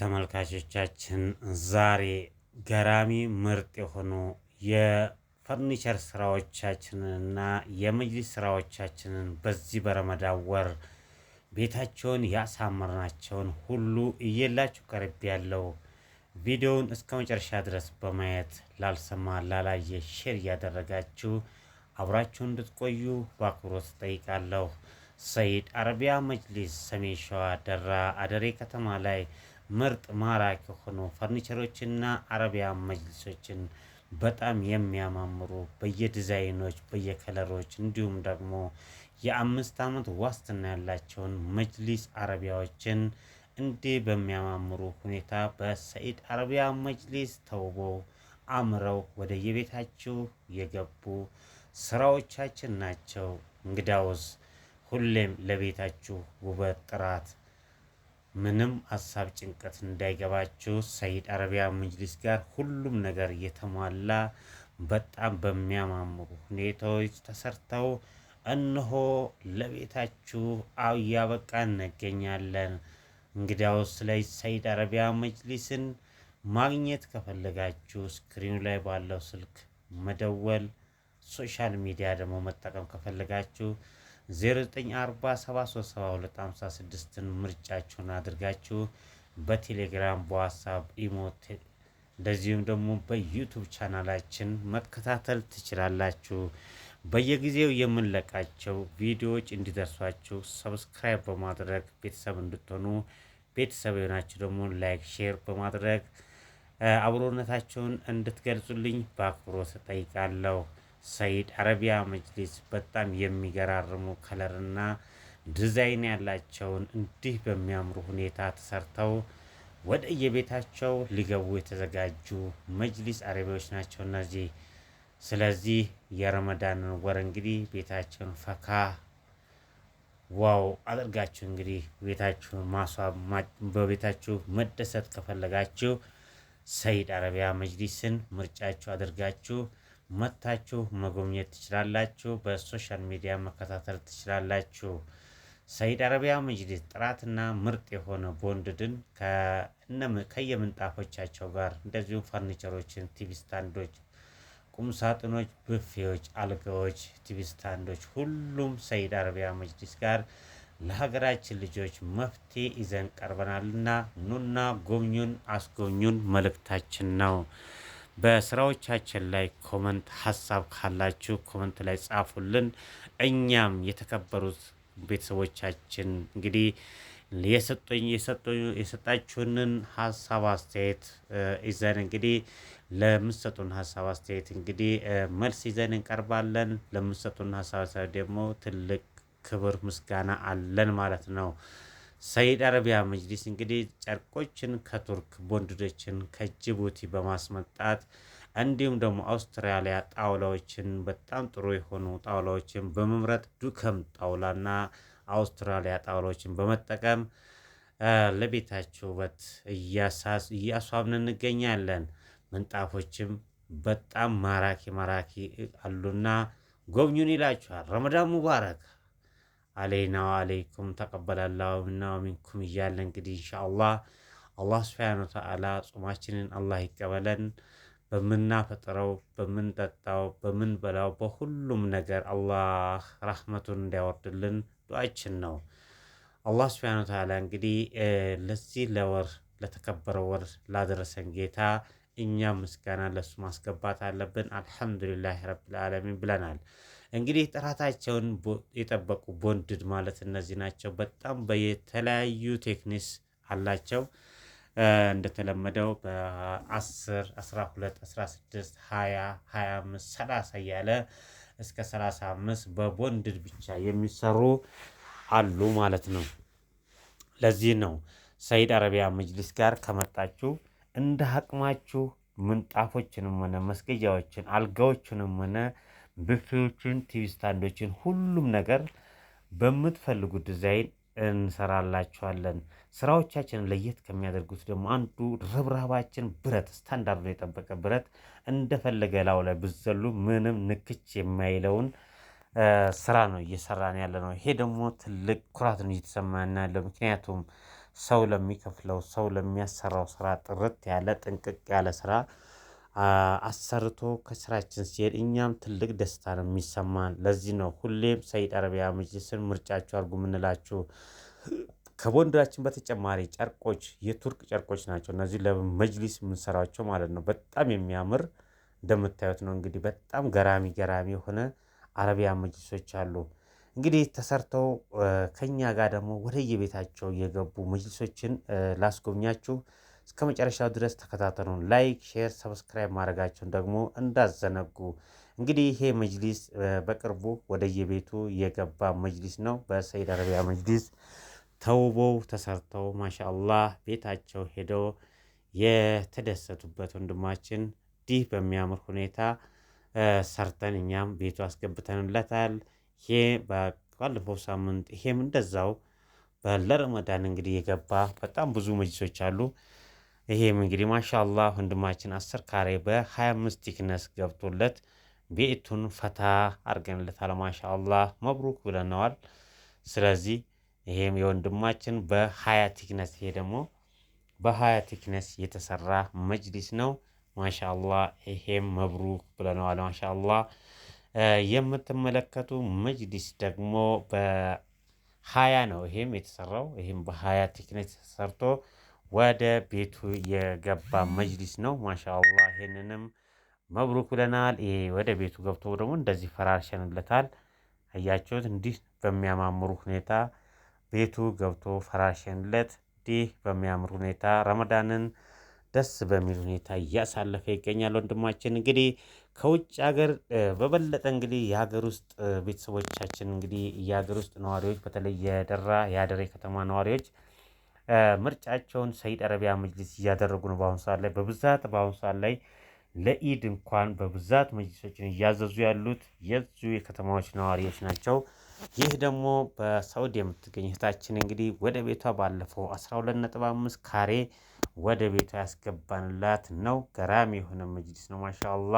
ተመልካቾቻችን ዛሬ ገራሚ ምርጥ የሆኑ የፈርኒቸር ስራዎቻችንንና የመጅሊስ ስራዎቻችንን በዚህ በረመዳን ወር ቤታቸውን ያሳመርናቸውን ሁሉ እየላችሁ ቀርብ ያለው ቪዲዮውን እስከ መጨረሻ ድረስ በማየት ላልሰማ ላላየ ሼር እያደረጋችሁ አብራችሁ እንድትቆዩ በአክብሮት ጠይቃለሁ። ሰይድ አረቢያ መጅሊስ ሰሜን ሸዋ ደራ አደሬ ከተማ ላይ ምርጥ ማራኪ ሆኖ ፈርኒቸሮችና አረቢያ መጅልሶችን በጣም የሚያማምሩ በየዲዛይኖች በየከለሮች እንዲሁም ደግሞ የአምስት ዓመት ዋስትና ያላቸውን መጅሊስ አረቢያዎችን እንዲህ በሚያማምሩ ሁኔታ በሰኢድ አረቢያ መጅሊስ ተውቦ አምረው ወደ የቤታችሁ የገቡ ስራዎቻችን ናቸው። እንግዳውስ ሁሌም ለቤታችሁ ውበት፣ ጥራት ምንም ሀሳብ ጭንቀት እንዳይገባችሁ ሰይድ አረቢያ መጅሊስ ጋር ሁሉም ነገር እየተሟላ በጣም በሚያማምሩ ሁኔታዎች ተሰርተው እነሆ ለቤታችሁ እያበቃ እንገኛለን። እንግዲያውስ ላይ ሰይድ አረቢያ መጅሊስን ማግኘት ከፈለጋችሁ ስክሪኑ ላይ ባለው ስልክ መደወል፣ ሶሻል ሚዲያ ደግሞ መጠቀም ከፈለጋችሁ 0947737256 ምርጫችሁን አድርጋችሁ በቴሌግራም በዋትሳፕ ኢሞት እንደዚሁም ደግሞ በዩቱብ ቻናላችን መከታተል ትችላላችሁ። በየጊዜው የምንለቃቸው ቪዲዮዎች እንዲደርሷችሁ ሰብስክራይብ በማድረግ ቤተሰብ እንድትሆኑ ቤተሰብ የሆናችሁ ደግሞ ላይክ፣ ሼር በማድረግ አብሮነታችሁን እንድትገልጹልኝ በአክብሮት እጠይቃለሁ። ሰይድ አረቢያ መጅሊስ በጣም የሚገራርሙ ከለርና ዲዛይን ያላቸውን እንዲህ በሚያምሩ ሁኔታ ተሰርተው ወደ የቤታቸው ሊገቡ የተዘጋጁ መጅሊስ አረቢያዎች ናቸው እነዚህ። ስለዚህ የረመዳንን ወር እንግዲህ ቤታቸውን ፈካ ዋው አድርጋችሁ እንግዲህ ቤታችሁ ማስዋብ በቤታችሁ መደሰት ከፈለጋችሁ ሰይድ አረቢያ መጅሊስን ምርጫችሁ አድርጋችሁ መታችሁ መጎብኘት ትችላላችሁ። በሶሻል ሚዲያ መከታተል ትችላላችሁ። ሰይድ አረቢያ መጅሊስ ጥራትና ምርጥ የሆነ ቦንድድን ከየምንጣፎቻቸው ጋር እንደዚሁም ፈርኒቸሮችን፣ ቲቪ ስታንዶች፣ ቁምሳጥኖች፣ ብፌዎች፣ አልጋዎች፣ ቲቪ ስታንዶች ሁሉም ሰይድ አረቢያ መጅሊስ ጋር ለሀገራችን ልጆች መፍትሄ ይዘን ቀርበናልና ኑና ጎብኙን፣ አስጎብኙን መልእክታችን ነው። በስራዎቻችን ላይ ኮመንት ሀሳብ ካላችሁ ኮመንት ላይ ጻፉልን። እኛም የተከበሩት ቤተሰቦቻችን እንግዲህ የሰጣችሁንን ሀሳብ አስተያየት ይዘን እንግዲህ ለምሰጡን ሀሳብ አስተያየት እንግዲህ መልስ ይዘን እንቀርባለን። ለምሰጡን ሀሳብ አስተያየት ደግሞ ትልቅ ክብር ምስጋና አለን ማለት ነው። ሰይድ አረቢያ መጅሊስ እንግዲህ ጨርቆችን ከቱርክ ቦንድዶችን ከጅቡቲ በማስመጣት እንዲሁም ደግሞ አውስትራሊያ ጣውላዎችን በጣም ጥሩ የሆኑ ጣውላዎችን በመምረጥ ዱከም ጣውላና አውስትራሊያ ጣውላዎችን በመጠቀም ለቤታቸው ውበት እያስዋብን እንገኛለን። ምንጣፎችም በጣም ማራኪ ማራኪ አሉና ጎብኙን ይላችኋል። ረመዳን ሙባረክ። አለይና አለይኩም ተቀበላላሁና ሚንኩም እያለ እንግዲህ ኢንሻአላህ አላህ ስብሓነ ወተዓላ ጾማችንን አላህ ይቀበለን። በምናፈጥረው በምንጠጣው፣ በምንበላው በሁሉም ነገር አላህ ራህመቱን እንዲያወርድልን ዱዓችን ነው። አላህ ስብሓነ ወተዓላ እንግዲህ ለዚህ ለወር ለተከበረው ወር ላደረሰን ጌታ እኛም ምስጋና ለሱ ማስገባት አለብን። አልሐምዱሊላህ ረብልዓለሚን ብለናል። እንግዲህ ጥራታቸውን የጠበቁ ቦንድድ ማለት እነዚህ ናቸው። በጣም በየተለያዩ ቴክኒስ አላቸው። እንደተለመደው በ10፣ 12፣ 16፣ 20፣ 25፣ 30 እያለ እስከ 35 በቦንድድ ብቻ የሚሰሩ አሉ ማለት ነው። ለዚህ ነው ሰይድ አረቢያ መጅሊስ ጋር ከመጣችሁ እንደ አቅማችሁ ምንጣፎችንም ሆነ መስገጃዎችን፣ አልጋዎችንም ሆነ ብፌዎችን፣ ቲቪ ስታንዶችን፣ ሁሉም ነገር በምትፈልጉት ዲዛይን እንሰራላችኋለን። ስራዎቻችንን ለየት ከሚያደርጉት ደግሞ አንዱ ርብራባችን ብረት ስታንዳርዱ የጠበቀ ብረት እንደፈለገ ላው ላይ ብዘሉ ምንም ንክች የማይለውን ስራ ነው እየሰራን ያለ ነው። ይሄ ደግሞ ትልቅ ነው እየተሰማ ያለው ምክንያቱም ሰው ለሚከፍለው ሰው ለሚያሰራው ስራ ጥርት ያለ ጥንቅቅ ያለ ስራ አሰርቶ ከስራችን ሲሄድ እኛም ትልቅ ደስታ ነው የሚሰማን። ለዚህ ነው ሁሌም ሰይድ አረቢያ መጅልስን ምርጫችሁ አድርጉ የምንላችሁ። ከቦንድራችን በተጨማሪ ጨርቆች የቱርክ ጨርቆች ናቸው። እነዚህ ለመጅሊስ የምንሰራቸው ማለት ነው። በጣም የሚያምር እንደምታዩት ነው እንግዲህ በጣም ገራሚ ገራሚ የሆነ አረቢያ መጅሊሶች አሉ። እንግዲህ ተሰርተው ከኛ ጋር ደግሞ ወደየቤታቸው የገቡ መጅልሶችን ላስጎብኛችሁ። እስከ መጨረሻው ድረስ ተከታተሉን። ላይክ፣ ሼር፣ ሰብስክራይብ ማድረጋቸውን ደግሞ እንዳዘነጉ። እንግዲህ ይሄ መጅሊስ በቅርቡ ወደየቤቱ የገባ መጅሊስ ነው። በሰይድ አረቢያ መጅሊስ ተውበው ተሰርተው ማሻአላህ ቤታቸው ሄደው የተደሰቱበት ወንድማችን እንዲህ በሚያምር ሁኔታ ሰርተን እኛም ቤቱ አስገብተንለታል። ይሄ ባለፈው ሳምንት ይሄም እንደዛው በለረመዳን እንግዲህ የገባ በጣም ብዙ መጅሶች አሉ። ይሄም እንግዲህ ማሻላ ወንድማችን አስር ካሬ በ25 ቲክነስ ገብቶለት ቤቱን ፈታ አርገንለታል። ማሻላ መብሩክ ብለነዋል። ስለዚህ ይሄም የወንድማችን በ20 ቲክነስ ይሄ ደግሞ በ20 ቲክነስ የተሰራ መጅሊስ ነው። ማሻላ ይሄም መብሩክ ብለነዋል። ማሻላ የምትመለከቱ መጅሊስ ደግሞ በሀያ ነው። ይሄም የተሰራው ይሄም በሀያ ቴክኒክ ተሰርቶ ወደ ቤቱ የገባ መጅሊስ ነው። ማሻአላህ ይህንንም መብሩክ ብለናል። ይሄ ወደ ቤቱ ገብቶ ደግሞ እንደዚህ ፈራርሸንለታል። አያችሁት? እንዲህ በሚያማምሩ ሁኔታ ቤቱ ገብቶ ፈራርሸንለት። እንዲህ በሚያምሩ ሁኔታ ረመዳንን ደስ በሚል ሁኔታ እያሳለፈ ይገኛል። ወንድማችን እንግዲህ ከውጭ ሀገር በበለጠ እንግዲህ የሀገር ውስጥ ቤተሰቦቻችን እንግዲህ የሀገር ውስጥ ነዋሪዎች በተለይ የደራ የአደሬ ከተማ ነዋሪዎች ምርጫቸውን ሰይድ አረቢያ መጅሊስ እያደረጉ ነው። በአሁኑ ሰዓት ላይ በብዛት በአሁኑ ሰዓት ላይ ለኢድ እንኳን በብዛት መጅሊሶችን እያዘዙ ያሉት የዙ የከተማዎች ነዋሪዎች ናቸው። ይህ ደግሞ በሳውዲ የምትገኝ እህታችን እንግዲህ ወደ ቤቷ ባለፈው 12.5 ካሬ ወደ ቤቷ ያስገባንላት ነው። ገራሚ የሆነ መጅሊስ ነው። ማሻአላ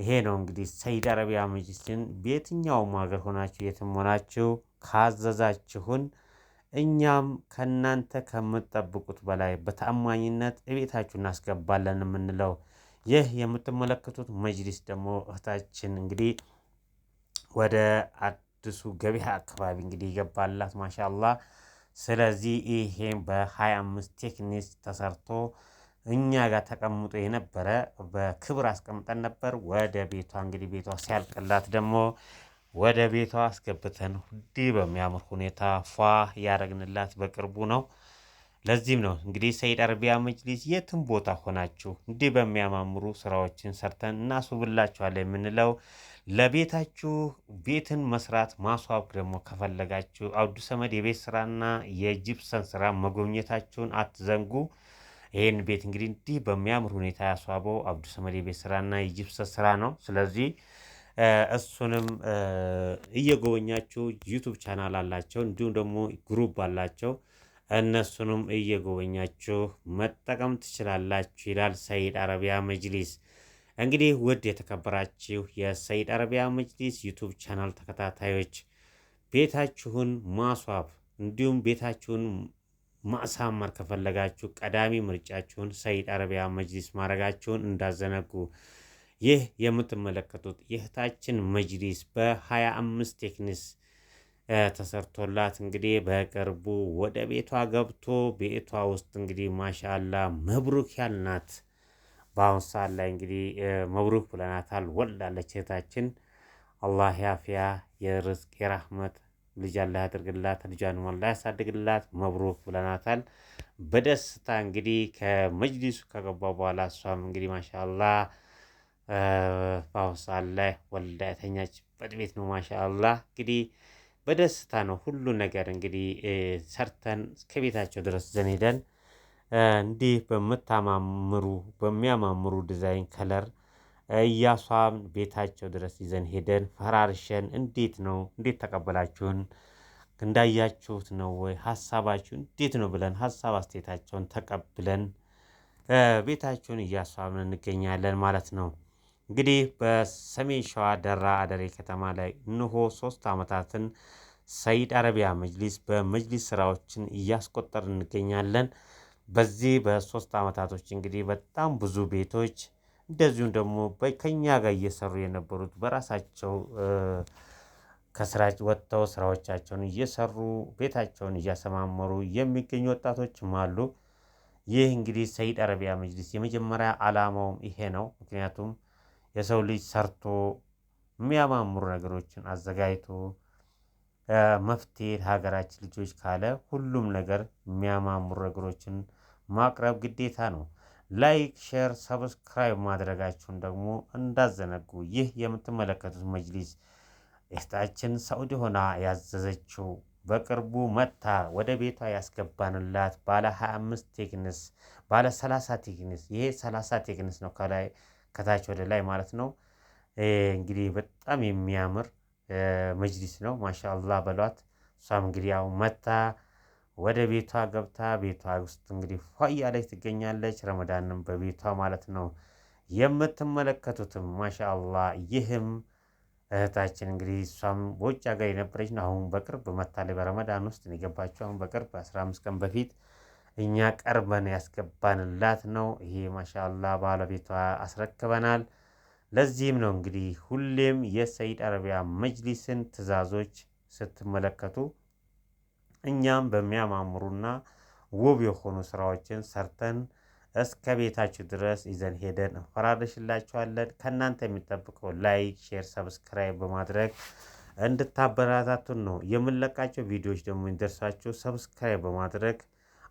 ይሄ ነው እንግዲህ ሰይድ አረቢያ መጅሊስን በየትኛውም ሀገር ሆናችሁ የትም ሆናችሁ ካዘዛችሁን እኛም ከእናንተ ከምትጠብቁት በላይ በታማኝነት እቤታችሁ እናስገባለን የምንለው ይህ የምትመለከቱት መጅሊስ ደግሞ እህታችን እንግዲህ ወደ አዲሱ ገበያ አካባቢ እንግዲህ ይገባላት ማሻአላ ስለዚህ ይሄ በ25 ቴክኒስ ተሰርቶ እኛ ጋር ተቀምጦ የነበረ በክብር አስቀምጠን ነበር። ወደ ቤቷ እንግዲህ ቤቷ ሲያልቅላት ደግሞ ወደ ቤቷ አስገብተን ሁዲ በሚያምር ሁኔታ ፏ ያደረግንላት በቅርቡ ነው። ለዚህም ነው እንግዲህ ሰይድ አረቢያ መጅሊስ የትም ቦታ ሆናችሁ እንዲህ በሚያማምሩ ስራዎችን ሰርተን እናስውብላችኋለን የምንለው። ለቤታችሁ ቤትን መስራት ማስዋብ ደግሞ ከፈለጋችሁ አውዱ ሰመድ የቤት ስራና የጅፕሰን ስራ መጎብኘታችሁን አትዘንጉ። ይህን ቤት እንግዲህ እንዲህ በሚያምር ሁኔታ ያስዋበው አብዱ ሰመድ የቤት ስራና የጂፕሰን ስራ ነው። ስለዚህ እሱንም እየጎበኛችሁ ዩቱብ ቻናል አላቸው፣ እንዲሁም ደግሞ ግሩፕ አላቸው። እነሱንም እየጎበኛችሁ መጠቀም ትችላላችሁ ይላል ሰይድ አረቢያ መጅሊስ። እንግዲህ ውድ የተከበራችሁ የሰይድ አረቢያ መጅሊስ ዩቱብ ቻናል ተከታታዮች ቤታችሁን ማስዋብ እንዲሁም ቤታችሁን ማሳመር ከፈለጋችሁ ቀዳሚ ምርጫችሁን ሰይድ አረቢያ መጅሊስ ማድረጋችሁን እንዳዘነጉ። ይህ የምትመለከቱት የእህታችን መጅሊስ በሀያ አምስት ቴክኒስ ተሰርቶላት እንግዲህ በቅርቡ ወደ ቤቷ ገብቶ ቤቷ ውስጥ እንግዲህ ማሻላ መብሩክ ያልናት በአሁን ሰዓት ላይ እንግዲህ መብሩክ ብለናታል። ወልዳለች እህታችን። አላህ ያፍያ የርዝቅ የራህመት ልጅ አላህ ያድርግላት፣ ልጇንም አላህ ያሳድግላት። መብሩክ ብለናታል። በደስታ እንግዲህ ከመጅሊሱ ከገባ በኋላ እሷም እንግዲህ ማሻላ በአሁን ሰዓት ላይ ወልዳ የተኛችበት ቤት ነው። ማሻላ እንግዲህ በደስታ ነው ሁሉ ነገር እንግዲህ ሰርተን ከቤታቸው ድረስ ዘን ሄደን እንዲህ በምታማምሩ በሚያማምሩ ዲዛይን ከለር እያሷም ቤታቸው ድረስ ይዘን ሄደን ፈራርሸን እንዴት ነው እንዴት ተቀበላችሁን እንዳያችሁት ነው ወይ ሀሳባችሁ እንዴት ነው ብለን ሀሳብ አስተያየታቸውን ተቀብለን ቤታቸውን እያስዋብን እንገኛለን ማለት ነው። እንግዲህ በሰሜን ሸዋ ደራ አደሬ ከተማ ላይ እንሆ ሶስት ዓመታትን ሰይድ አረቢያ መጅሊስ በመጅሊስ ስራዎችን እያስቆጠር እንገኛለን። በዚህ በሶስት ዓመታቶች እንግዲህ በጣም ብዙ ቤቶች እንደዚሁም ደግሞ ከኛ ጋር እየሰሩ የነበሩት በራሳቸው ከስራ ወጥተው ስራዎቻቸውን እየሰሩ ቤታቸውን እያሰማመሩ የሚገኙ ወጣቶችም አሉ። ይህ እንግዲህ ሰይድ አረቢያ መጅሊስ የመጀመሪያ ዓላማውም ይሄ ነው። ምክንያቱም የሰው ልጅ ሰርቶ የሚያማምሩ ነገሮችን አዘጋጅቶ መፍትሄ ሀገራችን ልጆች ካለ ሁሉም ነገር የሚያማምሩ ነገሮችን ማቅረብ ግዴታ ነው። ላይክ፣ ሼር፣ ሰብስክራይብ ማድረጋችሁን ደግሞ እንዳዘነጉ። ይህ የምትመለከቱት መጅሊስ እህታችን ሳዑዲ ሆና ያዘዘችው በቅርቡ መታ ወደ ቤቷ ያስገባንላት ባለ 25 ቴክንስ ባለ 30 ቴክንስ፣ ይሄ 30 ቴክንስ ነው ከላይ ከታች ወደ ላይ ማለት ነው። እንግዲህ በጣም የሚያምር መጅሊስ ነው። ማሻአላህ በሏት። እሷም እንግዲህ ያው መታ ወደ ቤቷ ገብታ ቤቷ ውስጥ እንግዲህ ፏያ ላይ ትገኛለች። ረመዳንም በቤቷ ማለት ነው የምትመለከቱትም ማሻአላ። ይህም እህታችን እንግዲህ እሷም በውጭ ሀገር የነበረች ነው። አሁን በቅርብ መታለይ በረመዳን ውስጥ የገባችው አሁን በቅርብ 15 ቀን በፊት እኛ ቀርበን ያስገባንላት ነው። ይሄ ማሻአላ ባለቤቷ አስረክበናል። ለዚህም ነው እንግዲህ ሁሌም የሰይድ አረቢያ መጅሊስን ትዕዛዞች ስትመለከቱ እኛም በሚያማምሩና ውብ የሆኑ ስራዎችን ሰርተን እስከ ቤታችሁ ድረስ ይዘን ሄደን እንፈራረሽላችኋለን። ከእናንተ የሚጠብቀው ላይክ፣ ሼር፣ ሰብስክራይብ በማድረግ እንድታበረታቱን ነው። የምንለቃቸው ቪዲዮዎች ደግሞ እንደርሳችሁ ሰብስክራይብ በማድረግ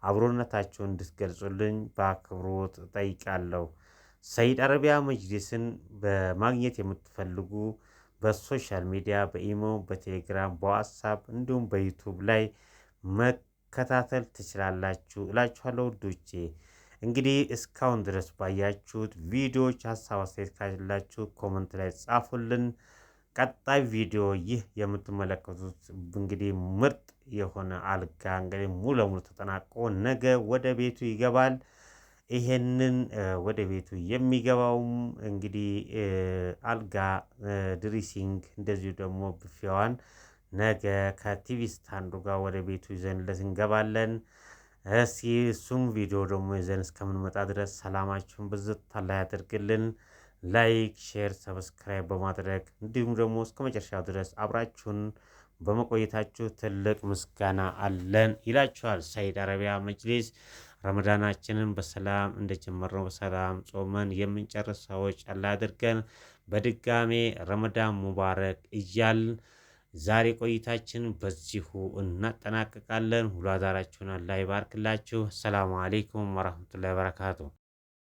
አብሮነታችሁን እንድትገልጹልኝ በአክብሮት እጠይቃለሁ። ሰይድ አረቢያ መጅሊስን በማግኘት የምትፈልጉ በሶሻል ሚዲያ በኢሞ፣ በቴሌግራም፣ በዋትሳፕ እንዲሁም በዩቱብ ላይ መከታተል ትችላላችሁ እላችኋለሁ ውዶቼ። እንግዲህ እስካሁን ድረስ ባያችሁት ቪዲዮዎች ሀሳብ አስተያየት ካላችሁ ኮመንት ላይ ጻፉልን። ቀጣይ ቪዲዮ ይህ የምትመለከቱት እንግዲህ ምርጥ የሆነ አልጋ እንግዲህ ሙሉ ለሙሉ ተጠናቆ ነገ ወደ ቤቱ ይገባል። ይሄንን ወደ ቤቱ የሚገባውም እንግዲህ አልጋ ድሪሲንግ፣ እንደዚሁ ደግሞ ብፌዋን ነገ ከቲቪ አንዱ ጋር ወደ ቤቱ ይዘንለት እንገባለን። እስኪ እሱም ቪዲዮ ደግሞ ይዘን እስከምንመጣ ድረስ ሰላማችሁን ብዝት ላይ ያደርግልን። ላይክ፣ ሼር፣ ሰብስክራይብ በማድረግ እንዲሁም ደግሞ እስከ መጨረሻው ድረስ አብራችሁን በመቆየታችሁ ትልቅ ምስጋና አለን ይላችኋል። ሳይድ አረቢያ መጅሊስ ረመዳናችንን በሰላም እንደጀመርነው በሰላም ጾመን የምንጨርስ ሰዎች አድርገን በድጋሜ ረመዳን ሙባረክ እያል ዛሬ ቆይታችን በዚሁ እናጠናቅቃለን። ሁሉ አዳራችሁን አላህ ይባርክላችሁ። ሰላም አሌይኩም ወረህመቱላሂ ወበረካቱ።